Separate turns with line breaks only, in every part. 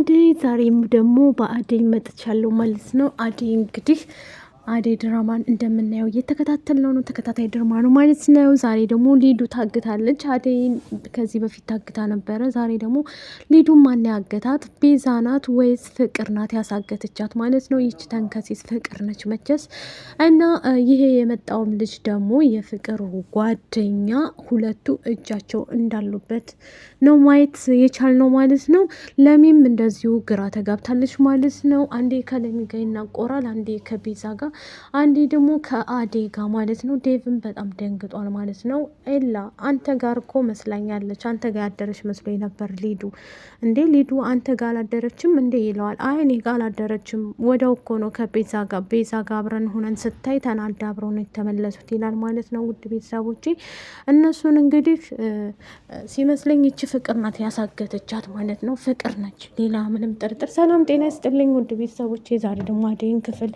አደይ ዛሬም ደግሞ በአደይ መጥቻለሁ ማለት ነው። አደይ እንግዲህ አደይ ድራማን እንደምናየው እየተከታተል ነው ነው ተከታታይ ድራማ ነው ማለት ነው። ዛሬ ደግሞ ሊዱ ታግታለች። አደይ ከዚህ በፊት ታግታ ነበረ። ዛሬ ደግሞ ሊዱ ማን ያገታት? ቤዛ ናት ወይስ ፍቅር ናት ያሳገተቻት ማለት ነው? ይች ተንከሲስ ፍቅር ነች መቼስ። እና ይሄ የመጣውም ልጅ ደግሞ የፍቅር ጓደኛ ሁለቱ እጃቸው እንዳሉበት ነው ማየት የቻል ነው ማለት ነው። ለሚም እንደዚሁ ግራ ተጋብታለች ማለት ነው። አንዴ ከለሚ ጋር ይናቆራል፣ አንዴ ከቤዛ ጋር አንዴ ደግሞ ከአዴ ጋር ማለት ነው። ዴቭን በጣም ደንግጧል ማለት ነው። ኤላ አንተ ጋር እኮ መስላኛለች፣ አንተ ጋር ያደረች መስሎ ነበር። ሊዱ እንዴ ሊዱ አንተ ጋር አላደረችም እንዴ ይለዋል። አይ እኔ ጋር አላደረችም፣ ወደው እኮ ነው ከቤዛ ጋር ቤዛ ጋር አብረን ሆነን ስታይ ተናዳ አብረው ነው የተመለሱት ይላል ማለት ነው። ውድ ቤተሰቦቼ እነሱን እንግዲህ ሲመስለኝ ይቺ ፍቅር ናት ያሳገተቻት ማለት ነው። ፍቅር ነች፣ ሌላ ምንም ጥርጥር። ሰላም ጤና ይስጥልኝ ውድ ቤተሰቦቼ ዛሬ ደግሞ አደይን ክፍል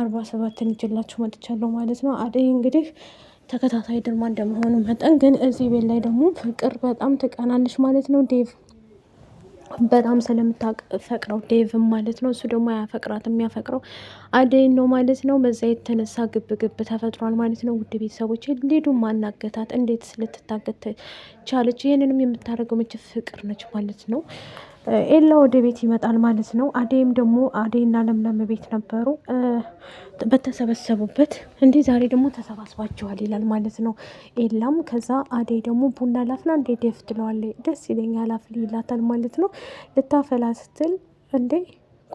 አርባ ሰባትን ይዤላችሁ መጥቻለሁ ማለት ነው። አደይ እንግዲህ ተከታታይ ድርማ እንደመሆኑ መጠን ግን እዚህ ቤት ላይ ደግሞ ፍቅር በጣም ትቀናለች ማለት ነው። ዴቭ በጣም ስለምታፈቅረው ዴቭም ማለት ነው። እሱ ደግሞ ያፈቅራት የሚያፈቅረው አደይን ነው ማለት ነው። በዛ የተነሳ ግብ ግብ ተፈጥሯል ማለት ነው። ውድ ቤተሰቦች ሊዱ ማናገታት እንዴት ስልትታገት ቻለች? ይህንንም የምታደርገው መቼ ፍቅር ነች ማለት ነው። ኤላ ወደ ቤት ይመጣል ማለት ነው። አዴይም ደግሞ አዴይና ለምለም ቤት ነበሩ በተሰበሰቡበት እንዴ ዛሬ ደግሞ ተሰባስባችኋል ይላል ማለት ነው ኤላም። ከዛ አዴ ደግሞ ቡና ላፍላ እንዴ ደፍ ትለዋለች። ደስ ይለኛል አፍሊ ይላታል ማለት ነው። ልታፈላ ስትል እንዴ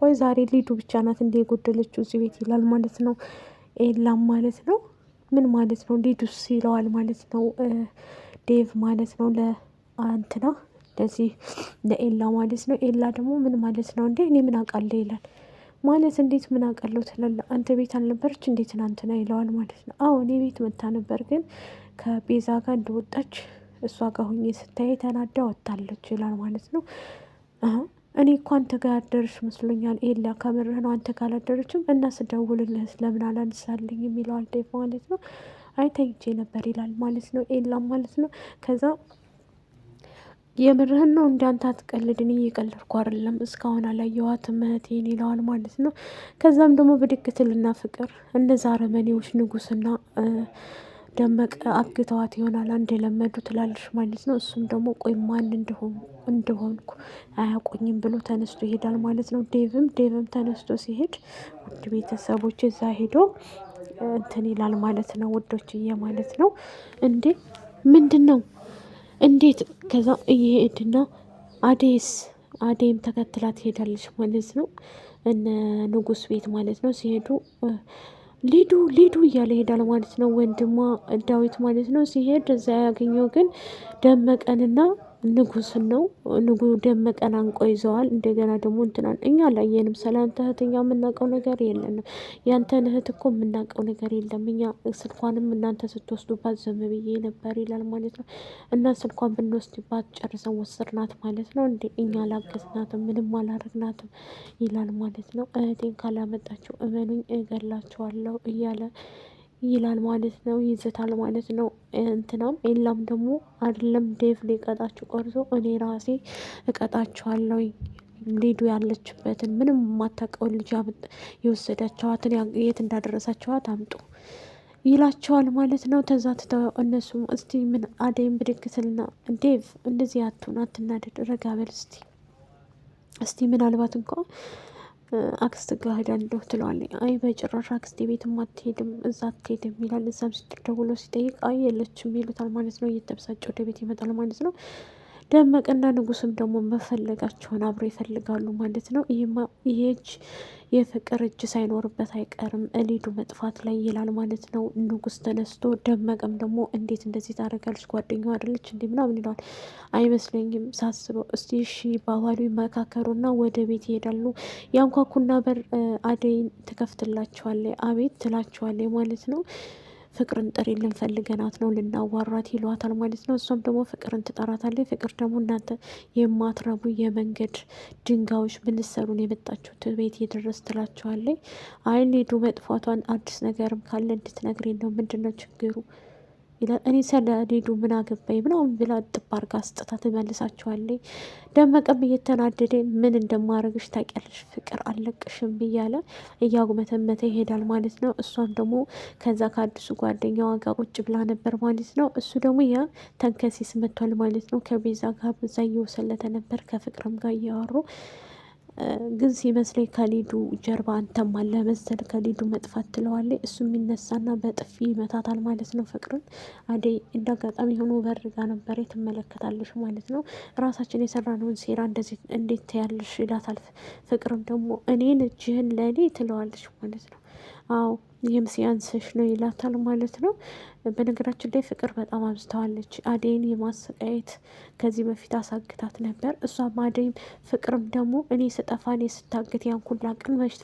ቆይ ዛሬ ሊዱ ብቻ ናት እንዴ የጎደለችው እዚህ ቤት ይላል ማለት ነው ኤላም ማለት ነው። ምን ማለት ነው ሊዱስ ይለዋል ማለት ነው ዴቭ ማለት ነው ለአንትና ለዚህ ለኤላ ማለት ነው። ኤላ ደግሞ ምን ማለት ነው እንዴ እኔ ምን አውቃለሁ ይላል። ማለት እንዴት ምን አውቃለሁ ትላለህ አንተ ቤት አልነበረች እንዴት ትናንትና ይለዋል ማለት ነው። አዎ እኔ ቤት መታ ነበር፣ ግን ከቤዛ ጋር እንደወጣች እሷ ጋር ሁኜ ስታይ ተናዳ ወጥታለች ይላል ማለት ነው። እኔ እኮ አንተ ጋር ያደረች መስሎኛል ኤላ፣ ከምርህ ነው አንተ ጋር አላደረችም እና ስደውልልህ ለምን አላነሳልኝ የሚለዋል ዴቭ ማለት ነው። አይተኝቼ ነበር ይላል ማለት ነው ኤላ ማለት ነው ከዛ የምርህን ነው እንዳንተ አትቀልድ፣ እኔ እየቀለድኩ አይደለም፣ እስካሁን አላየኋትም እህቴን ይለዋል ማለት ነው። ከዛም ደግሞ ብድግትልና ትልና ፍቅር እነዛ አረመኔዎች ንጉስና ደመቀ አግተዋት ይሆናል አንድ የለመዱ ትላለች ማለት ነው። እሱም ደግሞ ቆይ ማን እንደሆንኩ አያውቁኝም ብሎ ተነስቶ ይሄዳል ማለት ነው። ዴቭም ዴቭም ተነስቶ ሲሄድ ውድ ቤተሰቦች እዛ ሄዶ እንትን ይላል ማለት ነው። ውዶችዬ ማለት ነው እንዴ ምንድን ነው እንዴት ከዛ እየሄድና አዴስ አዴም ተከትላ ትሄዳለች ማለት ነው። እነ ንጉስ ቤት ማለት ነው ሲሄዱ ሊዱ ሊዱ እያለ ይሄዳል ማለት ነው። ወንድሟ ዳዊት ማለት ነው ሲሄድ እዛ ያገኘው ግን ደመቀንና ንጉስን ነው ንጉ ደመቀን አንቆ ይዘዋል። እንደገና ደግሞ እንትናን እኛ አላየንም። ስለአንተ እህት የምናውቀው ነገር የለንም። ያንተን እህት እኮ የምናውቀው ነገር የለም። እኛ ስልኳንም እናንተ ስትወስዱባት ዘም ብዬ ነበር ይላል ማለት ነው። እና ስልኳን ብንወስድባት ጨርሰን ወስድናት ማለት ነው። እንዴ እኛ አላገዝናትም፣ ምንም አላረግናትም ይላል ማለት ነው። እህቴን ካላመጣችሁ እመኑኝ እገላችኋለሁ እያለ ይላል ማለት ነው። ይዘታል ማለት ነው። እንትናም የለም ደግሞ አይደለም ዴቭ ሊቀጣችሁ ቆርጦ እኔ ራሴ እቀጣችኋለሁ ሊዱ ያለችበትን ምንም የማታውቀውን ልጅ የወሰዳቸዋትን የት እንዳደረሳቸዋት አምጡ ይላቸዋል ማለት ነው። ተዛትተው እነሱ እስቲ ምን አደይም ብድግትልና ዴቭ እንደዚህ አትሁን፣ አትናደድ፣ ረጋ እስቲ እስቲ ምናልባት እንኳ አክስት ጋር ሄዳለሁ ትለዋለች። አይ በጭራሽ አክስቴ ቤትም አትሄድም፣ እዛ አትሄድም ይላል። እዛም ሲደውሎ ሲጠይቅ አይ የለችም ይሉታል ማለት ነው። እየተበሳጨ ወደ ቤት ይመጣል ማለት ነው። ደመቀና ንጉስም ደግሞ መፈለጋቸውን አብረው ይፈልጋሉ ማለት ነው። ይህ እጅ የፍቅር እጅ ሳይኖርበት አይቀርም እሊዱ መጥፋት ላይ ይላል ማለት ነው። ንጉስ ተነስቶ ደመቀም ደግሞ እንዴት እንደዚህ ታደርጋለች? ጓደኛው አይደለች እንዲ ምናምን ይለዋል። አይመስለኝም ሳስበው። እስቲ እሺ ባባሉ መካከሩና ወደ ቤት ይሄዳሉ። ያንኳኩና በር አደይን ትከፍትላቸዋለ። አቤት ትላቸዋለ ማለት ነው። ፍቅርን ጥሪ ልንፈልገናት ነው ልናዋራት ይሏታል ማለት ነው። እሷም ደግሞ ፍቅርን ትጠራታለች። ፍቅር ደግሞ እናንተ የማትረቡ የመንገድ ድንጋዮች ምንሰሩን የመጣችሁት ቤት የደረስ ትላቸዋለች። አይ ሊዱ መጥፋቷን አዲስ ነገርም ካለ እንድትነግሬ ነው። ምንድነው ችግሩ? ይላል። እኔ ሰነዱ ምን አገባኝ ምናምን ብላ ጥባር አስጥታ ትመልሳችኋለች። ደመቀም እየተናደደ ምን እንደማረግሽ ታውቂያለሽ፣ ፍቅር አለቅሽም እያለ እያጉመተመተ ይሄዳል ማለት ነው። እሷም ደግሞ ከዛ ከአዲሱ ጓደኛዋ ጋር ቁጭ ብላ ነበር ማለት ነው። እሱ ደግሞ ያ ተንከሲስ መጥቷል ማለት ነው። ከቤዛ ጋር በዛ እየወሰለተ ነበር ከፍቅርም ጋር እያወሩ ግን ሲመስለኝ ከሊዱ ጀርባ አንተም አለ መሰል ከሊዱ መጥፋት ትለዋለ። እሱ የሚነሳና በጥፊ ይመታታል ማለት ነው ፍቅርን። አደይ እንደ አጋጣሚ ሆኖ በር ጋ ነበር ትመለከታለሽ ማለት ነው። ራሳችን የሰራነውን ሴራ እንደዚህ እንዴት ያለሽ ይላታል። ፍቅርም ደግሞ እኔን እጅህን ለእኔ ትለዋለች ማለት ነው። አዎ ይህም ሲያንስሽ ነው ይላታል ማለት ነው። በነገራችን ላይ ፍቅር በጣም አብዝተዋለች። አደይን የማሰቃየት ከዚህ በፊት አሳግታት ነበር። እሷም አደይም ፍቅርም ደግሞ እኔ ስጠፋ እኔ ስታግት ያን ሁላ ቀን መች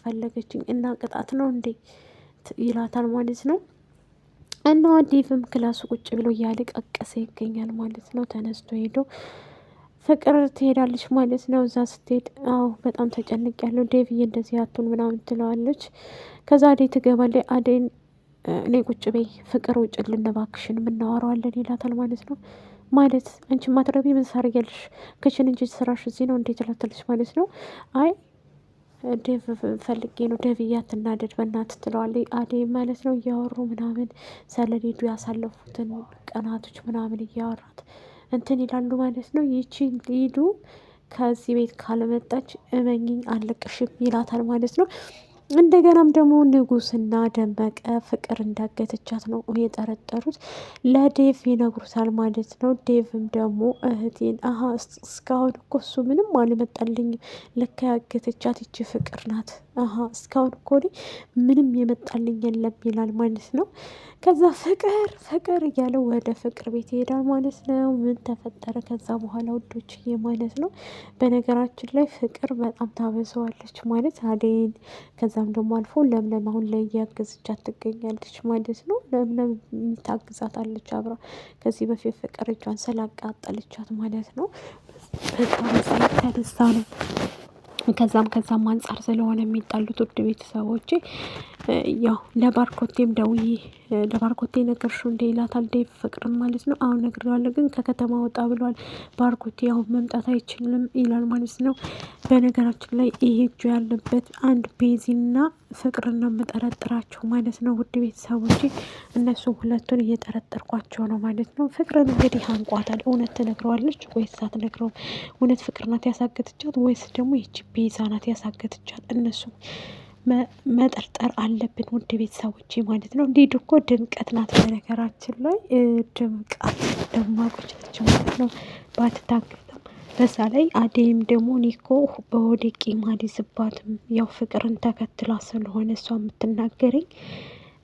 እና ቅጣት ነው እንዴ ይላታል ማለት ነው። እና ዴቭም ክላሱ ቁጭ ብሎ እያለቀሰ ይገኛል ማለት ነው። ተነስቶ ሄዶ ፍቅር ትሄዳለች ማለት ነው። እዛ ስትሄድ አዎ በጣም ተጨንቅ ያለው ዴቪዬ እንደዚህ አቱን ምናምን ትለዋለች። ከዛ አደይ ትገባለች። አደይን እኔ ቁጭ በይ ፍቅር ውጭ ልንባክሽን የምናወራዋለን ይላታል ማለት ነው። ማለት አንቺ ማትረቢ ምን ሳርያልሽ ክችን እንጂ ስራሽ እዚህ ነው እንዴት ትላታለች ማለት ነው። አይ ዴቭ ፈልጌ ነው ዴቭዬ አትናደድ በእናትህ ትለዋለች አደይ ማለት ነው። እያወሩ ምናምን ሰለሌዱ ያሳለፉትን ቀናቶች ምናምን እያወራት እንትን ይላሉ ማለት ነው። ይቺ ሊዱ ከዚህ ቤት ካለመጣች እመኝኝ አለቅሽም ይላታል ማለት ነው። እንደገናም ደግሞ ንጉስና ደመቀ ፍቅር እንዳገተቻት ነው የጠረጠሩት። ለዴቭ ይነግሩታል ማለት ነው። ዴቭም ደግሞ እህቴን አሀ እስካሁን እኮ እሱ ምንም አልመጣልኝም፣ ለካ ያገተቻት ይቺ ፍቅር ናት አሀ እስካሁን እኮ እኔ ምንም የመጣልኝ የለም ይላል ማለት ነው። ከዛ ፍቅር ፍቅር እያለው ወደ ፍቅር ቤት ይሄዳል ማለት ነው። ምን ተፈጠረ ከዛ በኋላ ውዶችዬ ማለት ነው። በነገራችን ላይ ፍቅር በጣም ታበዛዋለች ማለት አደይን፣ ከዛም ደግሞ አልፎ ለምለም አሁን ላይ እያገዝቻት ትገኛለች ማለት ነው። ለምለም ታግዛታለች አብራ ከዚህ በፊት ፍቅር እጇን ስላቃጠለቻት ማለት ነው። በጣም ተደስታ ነው ከዛም ከዛም አንጻር ስለሆነ የሚጣሉት ውድ ቤተሰቦቼ ያው ለባርኮቴም ደውዬ ለባርኮቴ ነገርሽው እንደ ይላታል ዴቭ ፍቅርም ማለት ነው። አሁን ነግሬዋለሁ ግን ከከተማ ወጣ ብሏል ባርኮቴ አሁን መምጣት አይችልም ይላል ማለት ነው። በነገራችን ላይ ይሄ እጁ ያለበት አንድ ቤዚና ፍቅርን ነው የምጠረጥራቸው ማለት ነው። ውድ ቤተሰቦች እነሱ ሁለቱን እየጠረጠርኳቸው ነው ማለት ነው። ፍቅርን እንግዲህ አንቋታል። እውነት ትነግረዋለች ወይስ አትነግረውም? እውነት ፍቅርናት ያሳገትቻት ወይስ ደግሞ ይቺ ቤዛናት ያሳገትቻት እነሱ መጠርጠር አለብን ውድ ቤተሰቦች ማለት ነው። ሊዱ እኮ ድምቀት ናት። በነገራችን ላይ ድምቃት ደማቆች ናቸው ማለት ነው። ባትታገትም በዛ ላይ አደይም ደግሞ ኒኮ እኮ በወደቂ ማሊዝባትም ያው ፍቅርን ተከትላ ስለሆነ እሷ የምትናገረኝ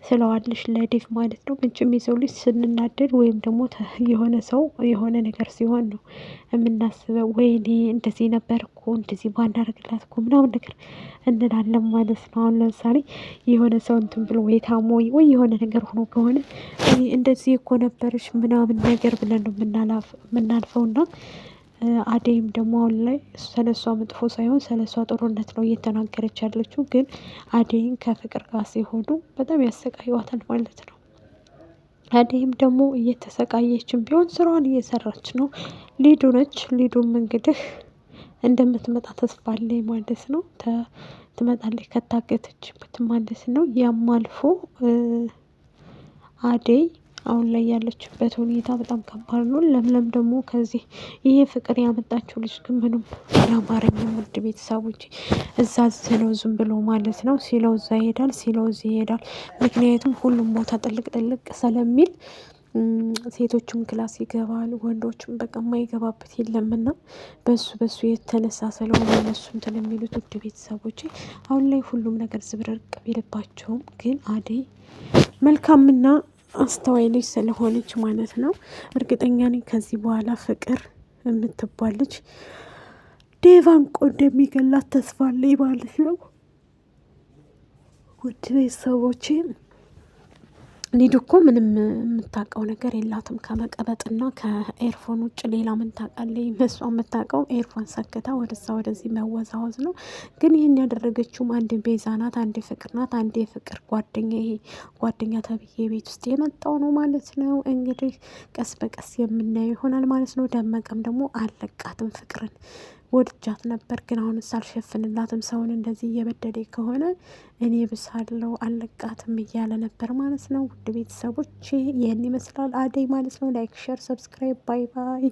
ስለዋለሽ ለዴቭ ማለት ነው። ምንጭም የሰው ልጅ ስንናደድ ወይም ደግሞ የሆነ ሰው የሆነ ነገር ሲሆን ነው የምናስበው። ወይኔ እንደዚህ ነበር እኮ እንደዚህ ባናረግላት እኮ ምናምን ነገር እንላለን ማለት ነው። አሁን ለምሳሌ የሆነ ሰው እንትን ብሎ ወይ ታሞ ወይ የሆነ ነገር ሆኖ ከሆነ እንደዚህ እኮ ነበረች ምናምን ነገር ብለን ነው የምናልፈውና አደይም ደግሞ አሁን ላይ ስለሷ መጥፎ ሳይሆን ስለሷ ጥሩነት ነው እየተናገረች ያለችው። ግን አደይን ከፍቅር ጋር ሲሆኑ በጣም ያሰቃይዋታል ማለት ነው። አደይም ደግሞ እየተሰቃየችም ቢሆን ስራዋን እየሰራች ነው። ሊዱ ነች። ሊዱም እንግዲህ እንደምትመጣ ተስፋ አለኝ ማለት ነው። ትመጣለች ከታገተችበት ማለት ነው። ያም አልፎ አደይ አሁን ላይ ያለችበት ሁኔታ በጣም ከባድ ነው። ለምለም ደግሞ ከዚህ ይሄ ፍቅር ያመጣችው ልጅ ግን ምንም አላማረኝም። ውድ ቤተሰቦች እዛ ስለው ዝም ብሎ ማለት ነው ሲለው እዛ ይሄዳል፣ ሲለው እዚህ ይሄዳል። ምክንያቱም ሁሉም ቦታ ጥልቅ ጥልቅ ስለሚል ሴቶችም ክላስ ይገባል፣ ወንዶችም በቃ የማይገባበት የለምና በሱ በሱ የተነሳ ስለሆነ እነሱ እንትን የሚሉት ውድ ቤተሰቦች አሁን ላይ ሁሉም ነገር ዝብርርቅ ቢልባቸውም ግን አደይ መልካምና አስተዋይ ልጅ ስለሆነች ማለት ነው። እርግጠኛ ነኝ ከዚህ በኋላ ፍቅር የምትባል ልጅ ቆ እንደሚገላት ተስፋ አለኝ ማለት ነው። ውድ ቤተሰቦቼ ሊዱ እኮ ምንም የምታውቀው ነገር የላትም ከመቀበጥና ከኤርፎን ውጭ ሌላ ምን ታውቃለች? መሷ የምታውቀው ኤርፎን ሰክታ ወደዛ ወደዚህ መወዛወዝ ነው። ግን ይህን ያደረገችውም አንድ ቤዛ ናት፣ አንድ ፍቅር ናት፣ አንድ የፍቅር ጓደኛ ይሄ ጓደኛ ተብዬ ቤት ውስጥ የመጣው ነው ማለት ነው። እንግዲህ ቀስ በቀስ የምናየው ይሆናል ማለት ነው። ደመቀም ደግሞ አለቃትም ፍቅርን ወድጃት ነበር፣ ግን አሁን ሳልሸፍንላትም ሰውን እንደዚህ እየበደደ ከሆነ እኔ ብሳለው አለቃትም እያለ ነበር ማለት ነው። ውድ ቤተሰቦች ይህን ይመስላል አደይ ማለት ነው። ላይክ፣ ሸር፣ ሰብስክራይብ። ባይ ባይ።